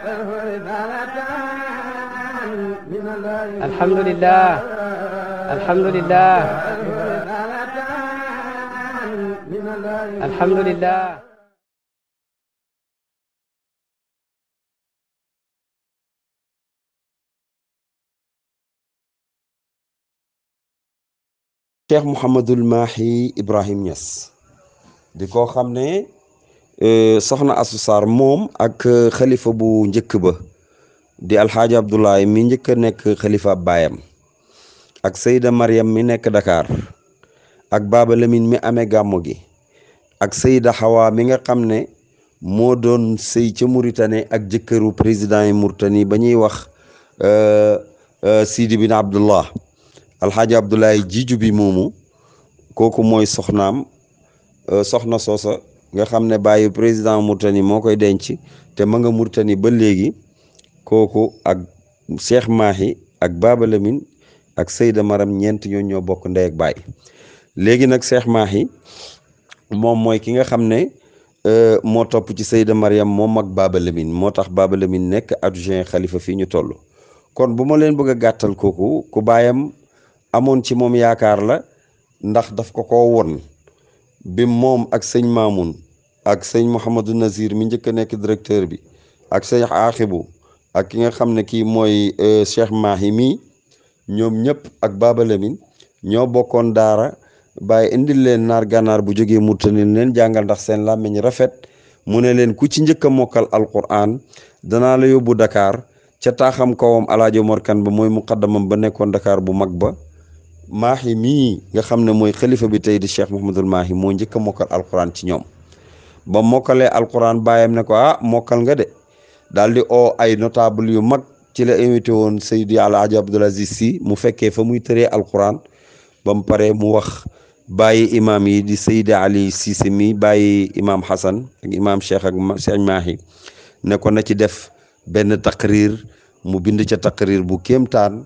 alhamdulilah alhamdulilah alhamdulilah. Cheikh Mouhamadul Mahi Ibrahim Niass di ko xam ne. Euh, soxna Astou moom ak euh, xalifa bu njëkk ba di alxaaji Abdoulaye mi njëkk a nekk xalifa baayam ak Seyda Mariam mi nekk Dakar ak Baba Lamine mi amee gàmmu gi ak Seyda Hawa mi nga xam ne moo doon sëy ca Mauritanie ak jëkkëru président yi Mauritanie ba ñuy wax euh, Sidi bin Abdullah alxaaji Abdoulaye jiiju bi moomu kooku mooy soxnaam soxna soosa nga xam ne bàyyi président Mourtani moo koy denc te ma nga Mourtani ba léegi kooku ak Cheikh Mahi ak Baba Lamine ak Seyda Maram ñeent ñoo ñoo bokk ndey ak baay léegi nag Cheikh Mahi moom mooy ki nga xam ne euh, moo topp ci Seyda Mariam moom ak Baba Lamine moo tax Baba Lamine nekk adjoint xalifa fii ñu toll kon bu ma leen bëgg a gàttal kooku ku bayam amoon ci moom yaakaar la ndax daf ko ko won bi moom ak sëñ Maamoun ak sëñ Mouhamadou Nazir mi njëkk a nekk directeur bi ak sëñ Aaxibu ak ki nga xam ne kii mooy euh, Cheikh Mahi mii ñoom ñëpp ak Baba Lamine ñoo bokkoon daara bay indil leen naar gànnaar bu jógee murtani leen jàngal ndax seen làmmiñ rafet mu ne leen ku ci njëkk a mokkal alquran danaa la yóbbu dakaar ca taaxam kawam Alaaji Mor Kan ba mooy muqaddamam ba nekkoon Dakar bu mag ba maahi mii nga xam ne mooy xalifa bi tey di cheikh Mouhamadul Maahi moo njëkk a mokkal alquran ci ñoom ba mokkalee alquran bàyyam ne ko ah mokkal nga de daal di o ay notable yu mag ci la invité woon Seydi Alaaji Abdul Aziz Si mu fekkee fa muy tëree alquran ba mu paree mu wax bàyyi imaam yi di Seydi Ali Cissé mi bàyyi imaam Hassan ak imaam cheikh ak maaxi Maahi ne ko na ci def benn taqrir mu bind ca taqrir bu kem kéemtaan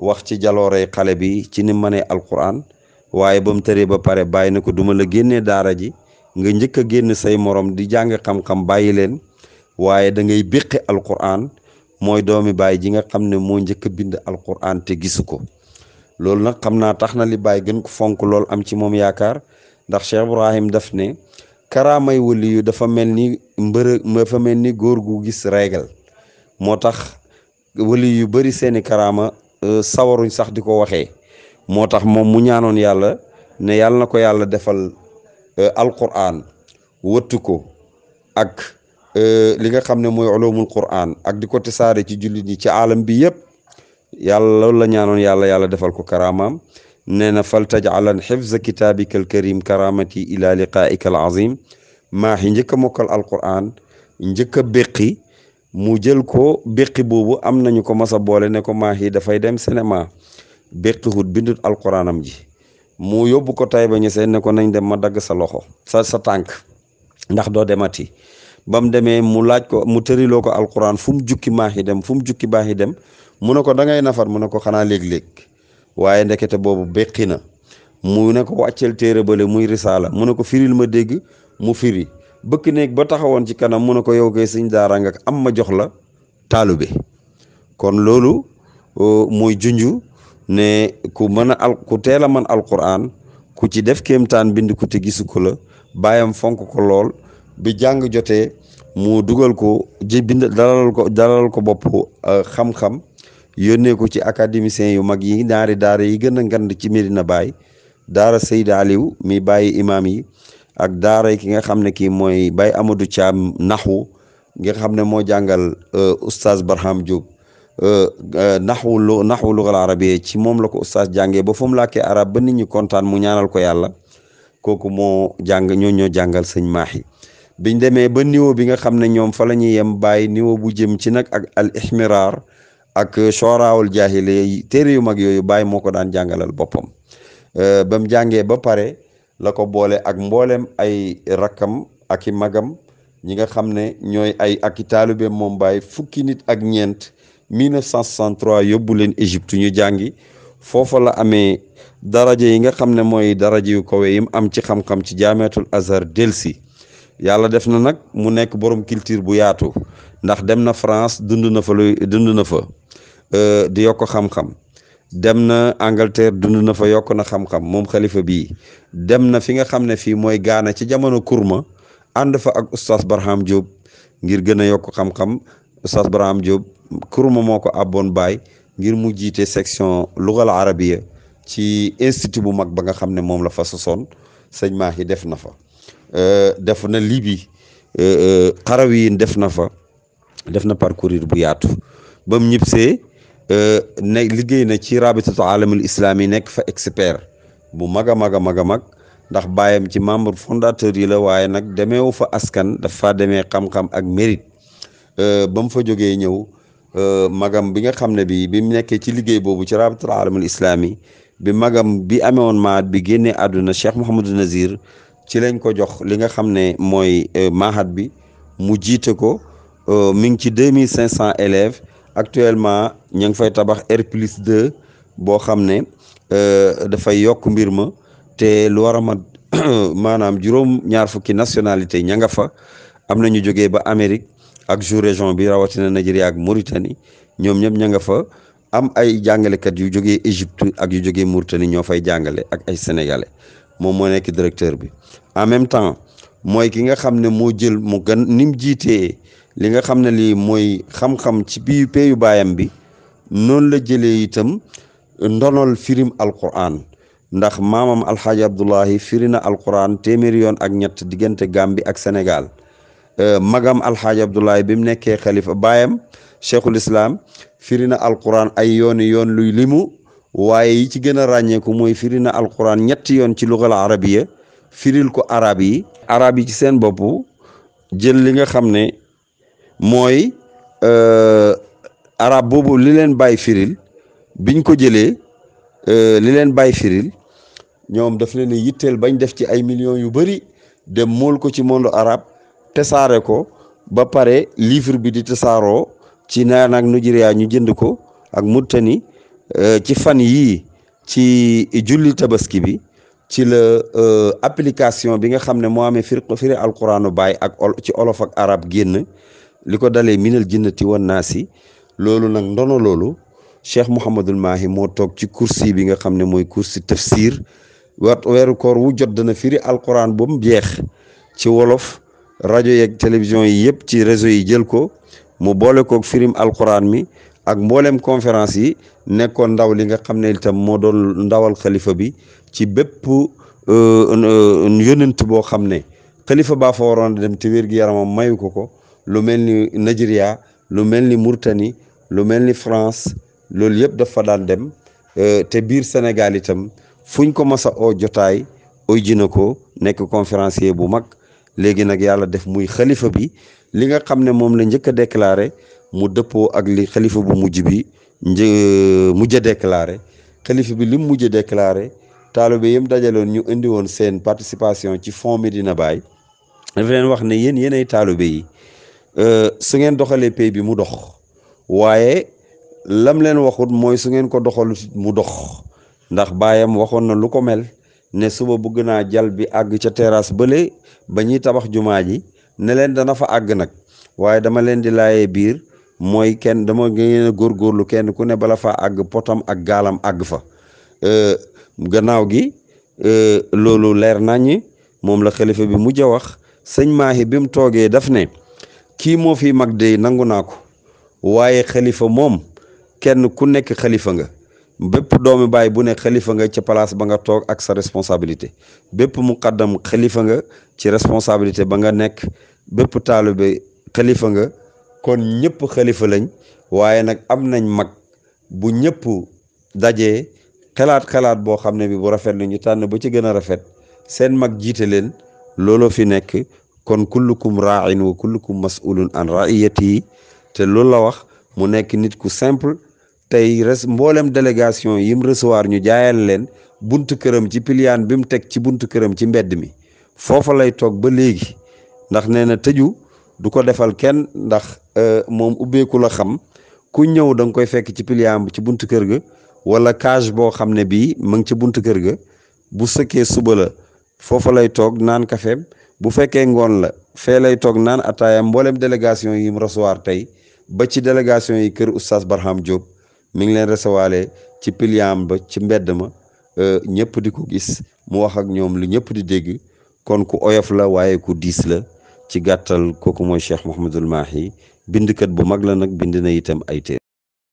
wax ci jaloorey xale bi ci ni mënee alquran waaye ba mu tëree ba pare bàyyi na ko duma la génnee daara ji nga njëkk a génn say moroom di jàng xam bàyyi leen waaye da ngay béqi alquran mooy doomi baay ji nga xam ne moo njëkk a bind alquran te gisu ko loolu nag xam naa tax na li baay gën ko fonk lool am ci moom yaakaar ndax Cheikh Ibrahim def ne karaamay wali dafa mel ni mbërë dafa mel ni góor gu gis régal moo tax wali yu bari seeni karaama Euh, sawaruñ sax di ko waxee moo tax moom mu ñaanoon yàlla ne yàlla na ko yàlla defal euh, alquran wëttu ko ak euh, li nga xam ne mooy ulumul quran ak di ko saare ci jullit ñi ci aalam bi yëpp yàlla loolu la ñaanoon yàlla yàlla defal ko karamam nee na fal tajcalan xifza kitaabika alkarim karamati ila liqaaika alazim maaxi njëkk a mokkal alquran njëkk a béqi mu jël ko béqi boobu am nañu ko mas boole ne ko maahi dafay dem cinéma béqi hut bindut alquranam ji mu yóbbu ko Taïba Niassène ne ko nañ dem ma dagg sa loxo sa sa tànk ndax doo demati ba mu demee mu laaj ko mu tëriloo ko alquran fu mu jukki maahi dem fu mu jukki baahi dem mu ne ko da ngay nafar mu ne ko xanaa léeg-léeg waaye ndekete boobu béqi na mu ne ko wàcceel téere bale muy risaala mu ne ko firil ma dégg mu firi bëkk néeg ba taxawoon ci kanam mun ne ko yow kay sëñ daara nga am ma jox la taalube kon loolu euh, muy junju ne ku mën a al ku teel a mën alquran ku ci def kéemtaan bind ku te gisu ko la baayam fonk ko lool bi jàng jotee mu dugal ko ji bind dalal ko dalal ko bopp euh, xam-xam yónnee ko ci académiciens yu mag yi ñaari daara yi gën a ngand ci Medina Baye daara Seyd Aliou mi bàyyi imaam yi ak daaray ki nga xam ne kii mooy bay amadu Thiam naxu nga xam ne moo jàngal euh, oustaz Barham Diop euh, euh, naxu lu naxu lugal arabiya ci moom la ko oustaz jàngee ba fu mu arab ba ni ñi kontaan mu ñaanal ko yàlla kooku moo jàng ñoo ñoo jàngal sëñ Mahi biñ demee ba niveau bi nga xam ne ñoom fa la ñuy yem bàyyi niveau bu jëm ci nag ak al ihmiraar ak shoraawul jaahiliya téere yu mag yooyu bàyyi moo ko daan jàngalal boppam ba mu ba pare la ko boole ak mbooleem ay rakkam ak i magam ñi nga xam ne ñooy ay ak i taalibe moom Baay fukki nit ak ñeent 1963 yóbbu leen Égypte ñu jàngi foofa la amee daraja yi nga xam ne mooy daraja yu kowe yim am ci xam-xam ci jaamiatul Azhar delsi yàlla def na nag mu nekk borom culture bu yaatu ndax dem na France dund na fa luy dund na fa euh, di yokk xam-xam dem na Angleterre dund na fa yokk na xam-xam moom xalifa bi dem na fi nga xam ne fii mooy gaana ci jamono kurma ànd fa ak oustaz Barham Diop ngir gën a yokk xam-xam oustaz Barham Diop kurma moo ko abboon baay ngir mu jiite section lugal arabiya ci institut bu mag ba nga xam ne moom la fa sosoon sëñ Mahi def na fa euh, def na Libye euh, xarawiyin euh, def na fa def na parcourir bu yaatu bam ñibsee ne liggéey na ci rabitatu alamul islami nekk fa expert bu mag a mag a mag a mag ndax baayam ci membre fondateur yi la waaye nag demeewu fa askan dafa demee xam-xam ak mérite euh, ba mu fa jógee ñëw euh, magam bi nga xam ne bi bi mu nekkee ci liggéey boobu ci rabitatul alamul islami bi magam bi amewoon maat bi génnee àdduna Cheikh Mouhamadou Nazir ci lañ ko jox li nga xam ne mooy euh, mahat bi mu jiite ko mi ngi ci deux mille cinq cent élèves actuellement ñu ngi fay tabax R de boo xam ne euh, dafay yokk mbir ma te lu war a mat maanaam juróom ñaar fukki nationalité ña nga fa am na ñu jógee ba Amérique ak sous région bi rawatina Nigeria ak Mauritanie ñoom ñëpp ña nga fa am ay jàngalekat yu jógee Égypte ak yu jógee Mauritanie ñoo fay jàngale ak ay sénégalais moom moo nekk directeur bi en même temps mooy ki nga xam ne moo jël mu gan ni mu jiitee li nga xam ne lii mooy xam-xam ci biir peyu baayam bi noonu la jëlee itam ndonol firim alquran ndax maamam alxaaji abdullahi firi na alquran téeméeri yoon ak ñett diggante Gàmbi ak senegal euh, magam alxaaji abdullahi bi mu nekkee xalifa baayam cheikhul islam firi na alquran ay yooni yoon limu waaye yi ci gën a ràññeeku mooy firi na alquran ñetti yoon ci lugal arabiya firil ko arab yi ci seen boppu jël li nga xam ne mooy euh, arab boobu li leen bàyyi firil biñ ko jëlee euh, li leen bàyyi firil ñoom def leen yitteel bañ def ci ay million yu bëri dem mool ko ci monde arabe tesaare ko ba pare livre bi di tasaaroo ci naan ak Nigeria ñu jënd ko ak Mauritanie euh, ci fan yi ci julli tabaski bi ci la euh, application bi nga xam ne moo amee firi firi alquranu baay ak ci olof ak arab génn li ko dalee minal jinnati wan naasi loolu nag ndono loolu cheikh Mouhamadul Mahi moo toog ci kursi bi nga xam ne mooy kursi tafsir wat weeru koor wu jot dana firi alquran ba mu jeex ci wolof rajo yeeg télévision yi yëpp ci réseau yi jël ko mu boole koog firim alquran mi ak mboolem conférence yi nekkoon ndaw li nga xam ne itam moo doon ndawal xalifa bi ci bépp euh, euh, yónent boo xam ne xalifa baa fa waroon dem te wér gi yaramam mayu ko ko lu mel ni Nigeria lu mel ni Mauritanie lu mel ni France loolu yëpp dafa daan dem euh, te biir Sénégal itam fuñ ko masa oo jotaay oyji na ko nekk conférencier bu mag léegi nag yàlla def muy xalifa bi li nga xam ne moom la njëkk a déclaré mu dëppoo ak li xalifa bu mujj bi një euh, mujj a déclaré xalifa bi lim mujj a déclaré taalibe yim dajaloon ñu indi woon seen participation ci fond Medina Baye daf leen wax ne yéen yéenay taalibe yi Euh, su ngeen doxalee pay bi mu dox waaye lam leen waxut mooy su ngeen ko doxalut mu dox ndax baayam waxoon na lu ko mel ne suba bëgg naa jal bi àgg ca teraas bale ba ñuy tabax jumaa ji ne leen dana fa àgg nag waaye dama leen di laayee biir mooy kenn dama ngeen a góorgóorlu kenn ku ne bala fa àgg potam ak gaalam àgg fa euh, gannaaw gi euh, loolu leer naññi moom la xalifa bi mujj a wax sëñ maahi bi mu toogee daf ne kii moo fi mag dey nangu naa ko waaye xalifa moom kenn ku nekk xalifa nga bépp doomi baay bu ne xalifa nga ca place ba nga toog ak sa responsabilité bépp muqaddam xalifa nga ci responsabilité ba nga nekk bépp taalibe xalifa nga kon ñëpp xalifa lañ waaye nag am nañ mag bu ñëpp dajee xalaat xalaat boo xam ne bi bu rafet lu ñu tànn ba ci gën a rafet seen mag jiite leen looloo fi nekk kon kullukum raain wa kullukum masulun an raiyati te loolu la wax mu nekk nit ku simple tey res mboolem délégation yim recevoir ñu jaayal leen buntu këram ci piliyaan bi mu teg ci buntu këram ci mbedd mi foofa lay toog ba léegi ndax nee na tëju du ko defal kenn ndax euh, moom ubbeeku la xam ku ñëw da koy fekk ci piliyaan ci buntu kër ga wala cage boo xam ne bii mu ngi ci buntu kër ga bu sëkkee suba la foofa lay toog naan kafeem bu fekkee ngoon la fee lay toog naan ataaya mboolem délégation yi mu recevoir tey ba ci délégation yi kër oustaz Barham Diop mi ngi leen recevoir ci piliam ba ci mbedd ma euh, ñëpp di ko gis mu wax ak ñoom lu ñëpp di dégg kon ku oyof la waaye ku diis la ci gàttal kooku mooy Cheikh Mouhamadul bind kët bu mag la nag bind na itam ay téere